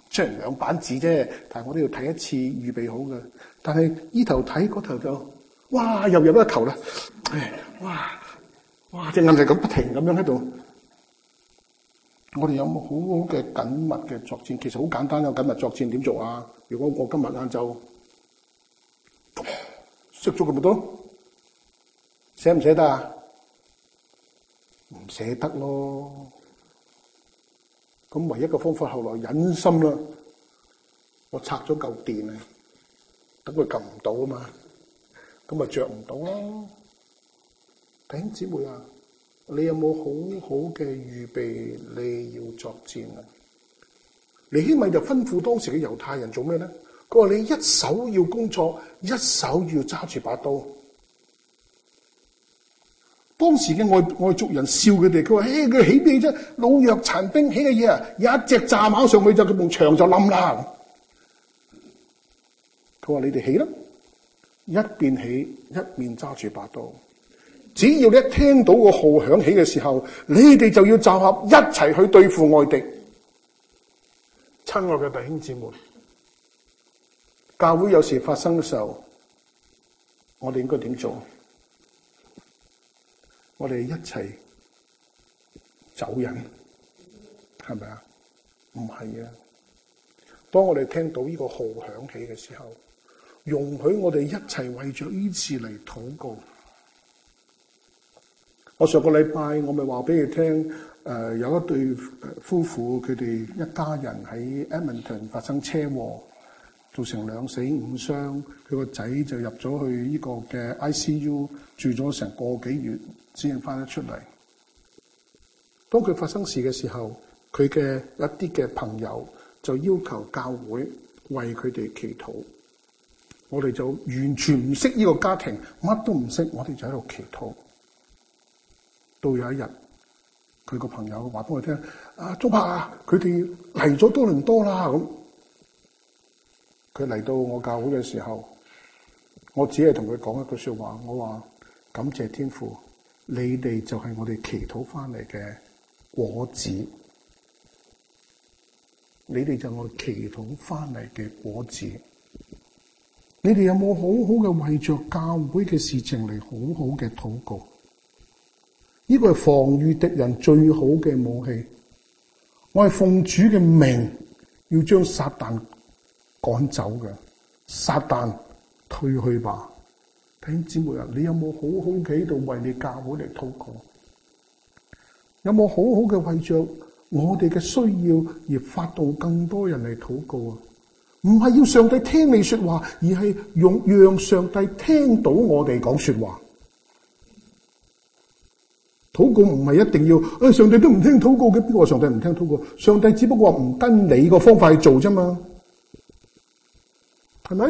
雖然兩版紙啫，但係我都要睇一次，預備好嘅。但係呢頭睇嗰頭就，哇！又入咗個球啦！唉，哇！哇！隻鈪嚟咁不停咁樣喺度，我哋有冇好好嘅緊密嘅作戰？其實好簡單咯，緊密作戰點做啊？如果我今日晏晝着咗咁多，捨唔捨得啊？唔捨得咯。咁唯一嘅方法，後來忍心啦，我拆咗嚿電啊，等佢撳唔到啊嘛，咁咪著唔到咯。弟兄姊妹啊，你有冇好好嘅預備？你要作戰啊！尼希米就吩咐當時嘅猶太人做咩咧？佢話：你一手要工作，一手要揸住把刀。當時嘅外外族人笑佢哋，佢話：嘿，佢起咩啫？老弱殘兵起嘅嘢啊！一隻炸馬上去就嗰堵牆就冧啦。佢話：你哋起啦，一邊起一邊揸住把刀。只要你一聽到個號響起嘅時候，你哋就要集合一齊去對付外敵。親愛嘅弟兄姊妹，教會有事發生嘅時候，我哋應該點做？我哋一齊走人，係咪啊？唔係啊！當我哋聽到呢個號響起嘅時候，容許我哋一齊為著呢次嚟禱告。我上個禮拜我咪話俾你聽，誒、呃、有一對夫婦，佢哋一家人喺 Edmonton 發生車禍，造成兩死五傷。佢個仔就入咗去呢個嘅 ICU，住咗成個幾月，先翻得出嚟。當佢發生事嘅時候，佢嘅一啲嘅朋友就要求教會為佢哋祈禱。我哋就完全唔識呢個家庭，乜都唔識，我哋就喺度祈禱。到有一日，佢個朋友話俾我聽：阿鍾伯啊，佢哋嚟咗多倫多啦。咁佢嚟到我教會嘅時候，我只係同佢講一句說話，我話：感謝天父，你哋就係我哋祈禱翻嚟嘅果子，你哋就係我祈禱翻嚟嘅果子。你哋有冇好好嘅為着教會嘅事情嚟好好嘅禱告？呢個係防禦敵人最好嘅武器。我係奉主嘅命，要將撒旦趕走嘅。撒旦退去吧！弟兄姊妹啊，你有冇好好喺度為你教會嚟禱告？有冇好好嘅為着我哋嘅需要而發動更多人嚟禱告啊？唔係要上帝聽你說話，而係用讓上帝聽到我哋講說話。禱告唔係一定要，誒、哎，上帝都唔聽禱告嘅，邊個上帝唔聽禱告？上帝只不過唔跟你個方法去做啫嘛，係咪？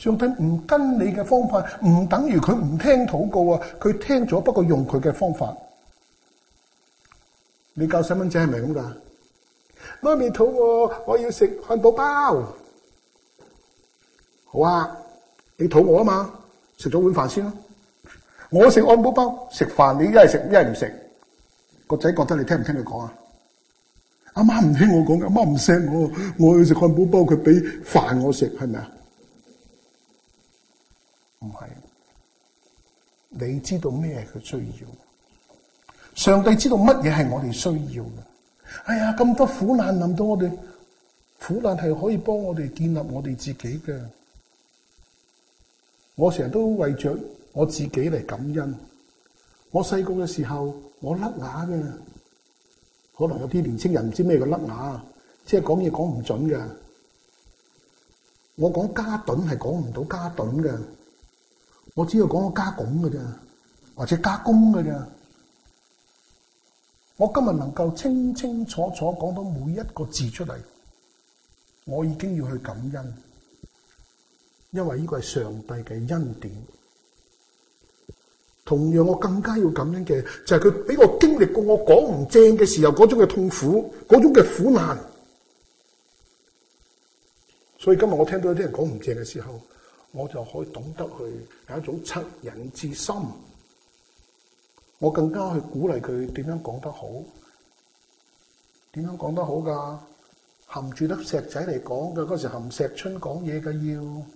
上帝唔跟你嘅方法，唔等於佢唔聽禱告啊！佢聽咗，不過用佢嘅方法。你教細蚊仔係咪咁噶？媽咪肚餓，我要食漢堡包。好啊，你肚餓啊嘛，食咗碗飯先啦。我食漢堡包，食飯，你一係食一係唔食。個仔覺得你聽唔聽佢講啊？阿媽唔聽我講，阿媽唔錫我，我要食漢堡包，佢俾飯我食係咪啊？唔係，你知道咩係佢需要？上帝知道乜嘢係我哋需要嘅。哎呀，咁多苦難，諗到我哋苦難係可以幫我哋建立我哋自己嘅。我成日都為着，我自己嚟感恩。我細個嘅時候，我甩牙嘅，可能有啲年青人唔知咩叫甩牙，即係講嘢講唔準嘅。我講加頓係講唔到加頓嘅，我只要講個加拱嘅啫，或者加工嘅啫。我今日能夠清清楚楚講到每一個字出嚟，我已經要去感恩，因為呢個係上帝嘅恩典。同樣我更加要感恩嘅，就係佢俾我經歷過我講唔正嘅時候，嗰種嘅痛苦，嗰種嘅苦難。所以今日我聽到有啲人講唔正嘅時候，我就可以懂得去有一種惻隱之心。我更加去鼓勵佢點樣講得好，點樣講得好㗎？含住粒石仔嚟講嘅嗰時，含石春講嘢嘅要。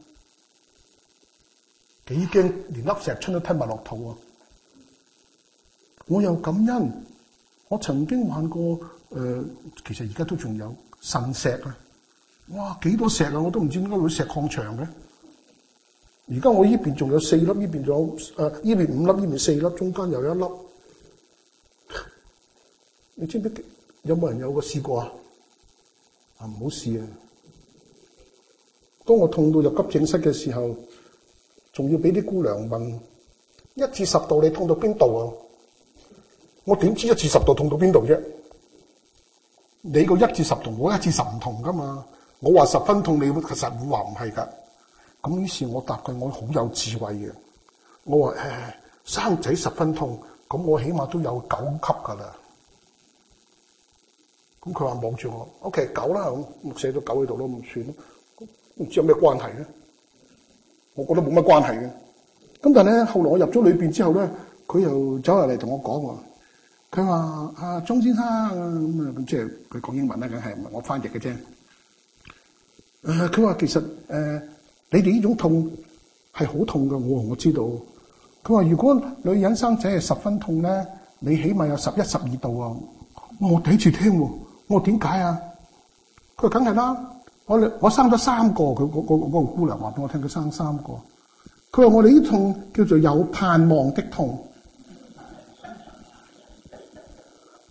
幾驚，連粒石春都吞埋落肚啊！我又感恩，我曾經玩過，誒、呃，其實而家都仲有腎石啊！哇，幾多石啊！我都唔知點解會石礦場嘅。而家我呢邊仲有四粒，呢邊仲有誒、呢、呃、邊五粒，呢邊四粒，中間又有一粒。 你知唔知有冇人有個試過啊？啊，唔好試啊！當我痛到入急症室嘅時候。仲要俾啲姑娘問一至十度，你痛到邊度啊？我點知一至十度痛到邊度啫？你個一至十同我一至十唔同㗎嘛？我話十分痛，你其實會話唔係㗎。咁於是我，我答佢，我好有智慧嘅。我話誒，生仔十分痛，咁我起碼都有九級㗎啦。咁佢話望住我，OK，九啦，咁寫咗九喺度都唔算。唔知有咩關係咧？我覺得冇乜關係嘅，咁但係咧，後來我入咗裏邊之後咧，佢又走入嚟同我講喎，佢話阿鍾先生咁、嗯、即係佢講英文咧，梗係我翻譯嘅啫。誒、呃，佢話其實誒、呃，你哋呢種痛係好痛嘅，我我知道。佢話如果女人生仔係十分痛咧，你起碼有十一十二度啊。我抵住聽喎，我點解啊？佢話梗係啦。我我生咗三個，佢嗰嗰嗰個姑娘話俾我聽，佢生三個。佢話我哋呢啲痛叫做有盼望的痛。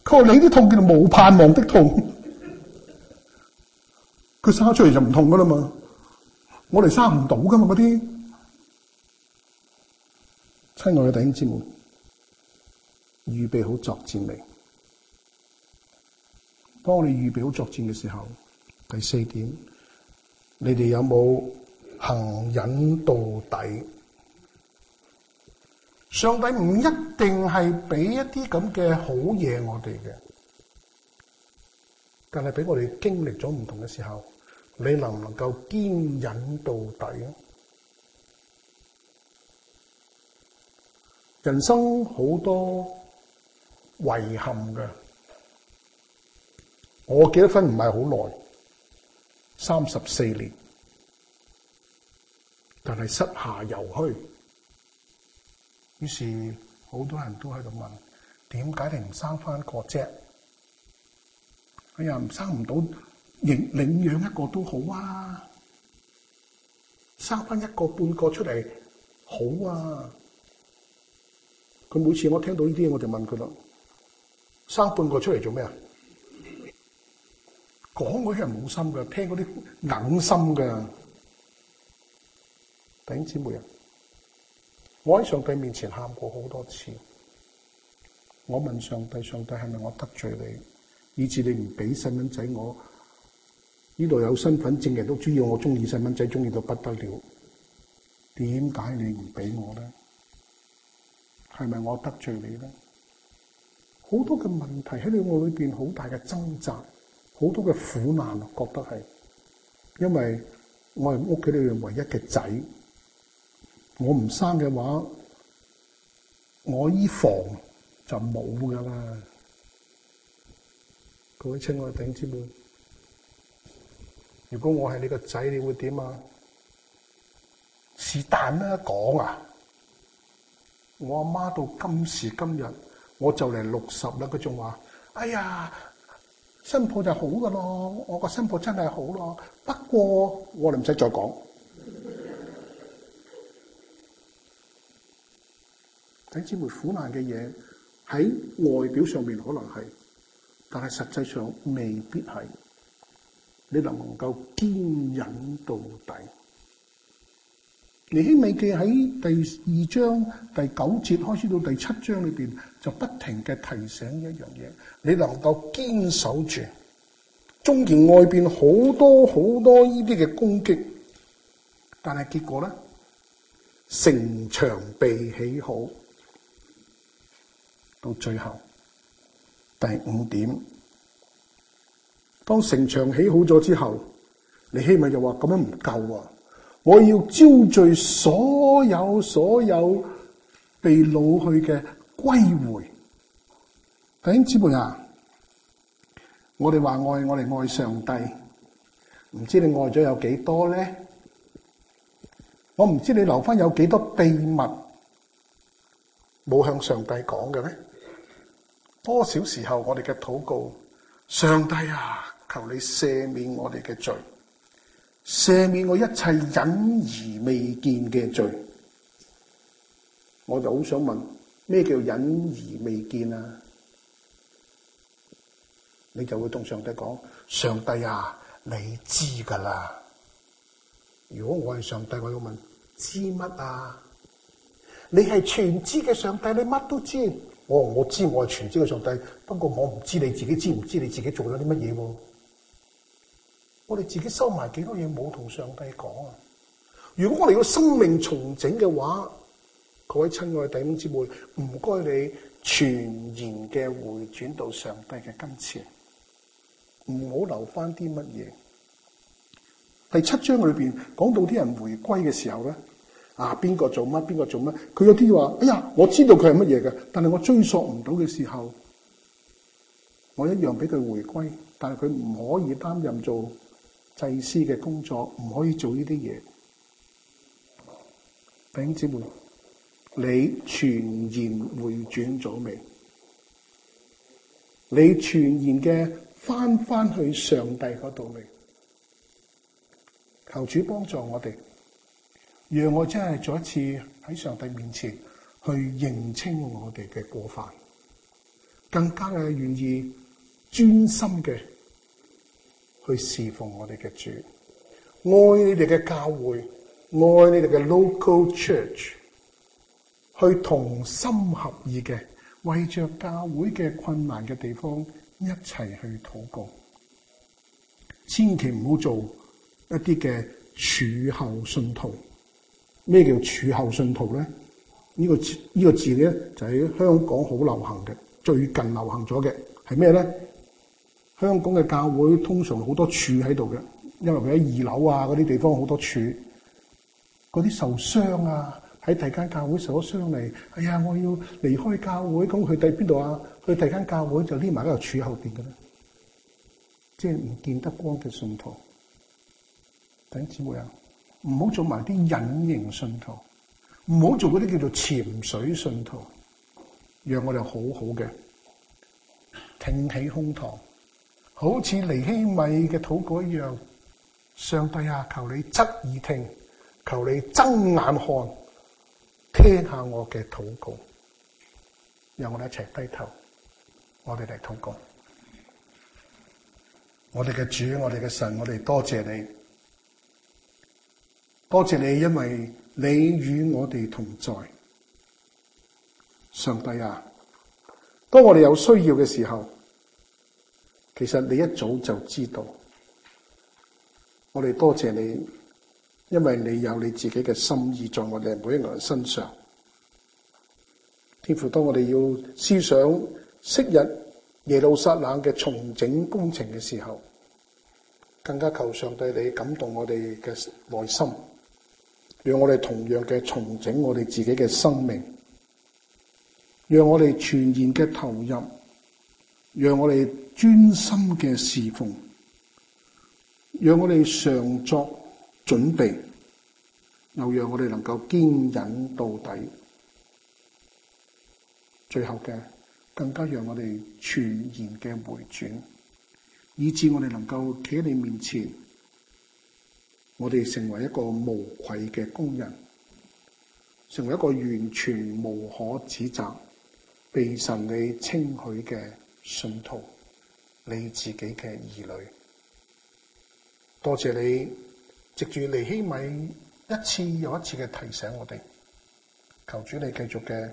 佢話你啲痛叫做冇盼望的痛。佢生出嚟就唔痛噶啦嘛。我哋生唔到噶嘛嗰啲。親愛嘅弟兄姊妹，預備好作戰力。當我哋預備好作戰嘅時候，第四點。你哋有冇行忍到底？上帝唔一定係俾一啲咁嘅好嘢我哋嘅，但係俾我哋經歷咗唔同嘅時候，你能唔能夠堅忍到底？人生好多遺憾嘅，我結咗婚唔係好耐，三十四年，但係膝下猶虛，於是好多人都喺度問：點解你唔生翻一個啫？哎呀，唔生唔到，領領養一個都好啊，生翻一個半個出嚟好啊！佢每次我聽到呢啲嘢，我就問佢啦：生半個出嚟做咩啊？講嗰啲人冇心㗎，聽嗰啲硬心㗎。弟兄姊妹啊，我喺上帝面前喊過好多次，我問上帝：上帝係咪我得罪你，以致你唔俾細蚊仔我呢度有身份證？人都主要我中意細蚊仔，中意到不得了，點解你唔俾我呢？係咪我得罪你呢？好多嘅問題喺你我裏邊好大嘅掙扎。好多嘅苦難，覺得係，因為我係屋企裏面唯一嘅仔，我唔生嘅話，我依房就冇㗎啦。各位親愛頂子們，如果我係你個仔，你會點啊？是但咩講啊！我阿媽到今時今日，我就嚟六十啦，佢仲話：「哎呀！新抱就好㗎咯，我個新抱真係好咯。不過我哋唔使再講，睇姊妹苦難嘅嘢喺外表上面可能係，但係實際上未必係，你能夠堅忍到底。尼希米記喺第二章第九節開始到第七章裏邊，就不停嘅提醒一樣嘢，你能夠堅守住，縱然外邊好多好多呢啲嘅攻擊，但係結果咧，城牆被起好，到最後第五點，當城牆起好咗之後，尼希米又話咁樣唔夠啊。我要招聚所有所有被老去嘅歸回。弟兄姊妹啊，我哋話愛我哋愛上帝，唔知你愛咗有幾多咧？我唔知你留返有幾多秘密冇向上帝講嘅咧？多少時候我哋嘅禱告，上帝啊，求你赦免我哋嘅罪。赦免我一切隱而未見嘅罪，我就好想問咩叫隱而未見啊？你就會同上帝講：上帝啊，你知噶啦。如果我係上帝，我要問：知乜啊？你係全知嘅上帝，你乜都知。我、哦、我知我係全知嘅上帝，不過我唔知你自己知唔知你自己做咗啲乜嘢喎？我哋自己收埋幾多嘢冇同上帝講啊！如果我哋要生命重整嘅話，各位親愛弟兄姊妹，唔該你全然嘅回轉到上帝嘅跟前，唔好留翻啲乜嘢。第七章裏邊講到啲人回歸嘅時候咧，啊邊個做乜邊個做乜？佢有啲話：哎呀，我知道佢係乜嘢嘅，但係我追溯唔到嘅時候，我一樣俾佢回歸，但係佢唔可以擔任做。祭司嘅工作唔可以做呢啲嘢，弟兄姊妹，你全然回轉咗未？你全然嘅翻翻去上帝嗰度嚟，求主幫助我哋，讓我真係再一次喺上帝面前去認清我哋嘅過犯，更加嘅願意專心嘅。去侍奉我哋嘅主，愛你哋嘅教會，愛你哋嘅 local church，去同心合意嘅為着教會嘅困難嘅地方一齊去禱告，千祈唔好做一啲嘅儲後信徒。咩叫儲後信徒咧？呢、這個呢個字呢個字咧就喺、喺、香港好流行嘅，最近流行咗嘅係咩咧？香港嘅教會通常好多柱喺度嘅，因為佢喺二樓啊嗰啲地方好多柱。嗰啲受傷啊喺第間教會受咗傷嚟，哎呀我要離開教會，咁去第邊度啊？去第間教會就匿埋喺度柱後邊嘅咧，即係唔見得光嘅信徒。弟姊妹啊，唔好做埋啲隱形信徒，唔好做嗰啲叫做潛水信徒，讓我哋好好嘅挺起胸膛。好似尼希米嘅禱告一樣，上帝啊，求你側耳聽，求你睜眼看，聽下我嘅禱告。讓我哋一齊低頭，我哋嚟禱告。我哋嘅主，我哋嘅神，我哋多謝你，多謝你，因為你與我哋同在。上帝啊，當我哋有需要嘅時候。其實你一早就知道，我哋多謝你，因為你有你自己嘅心意在我哋每一個人身上。天父，當我哋要思想昔日耶路撒冷嘅重整工程嘅時候，更加求上帝你感動我哋嘅內心，讓我哋同樣嘅重整我哋自己嘅生命，讓我哋全然嘅投入。讓我哋專心嘅侍奉，讓我哋常作準備，又讓我哋能夠堅忍到底，最後嘅更加讓我哋全然嘅回轉，以至我哋能夠企喺你面前，我哋成為一個無愧嘅工人，成為一個完全無可指責、被神你稱許嘅。信徒你自己嘅兒女，多謝你藉住尼希米一次又一次嘅提醒我哋，求主你繼續嘅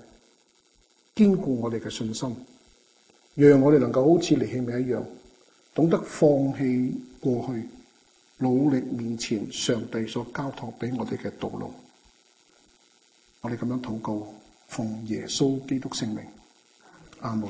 堅固我哋嘅信心，讓我哋能夠好似尼希米一樣，懂得放棄過去，努力面前上帝所交託俾我哋嘅道路。我哋咁樣禱告，奉耶穌基督聖名，阿門。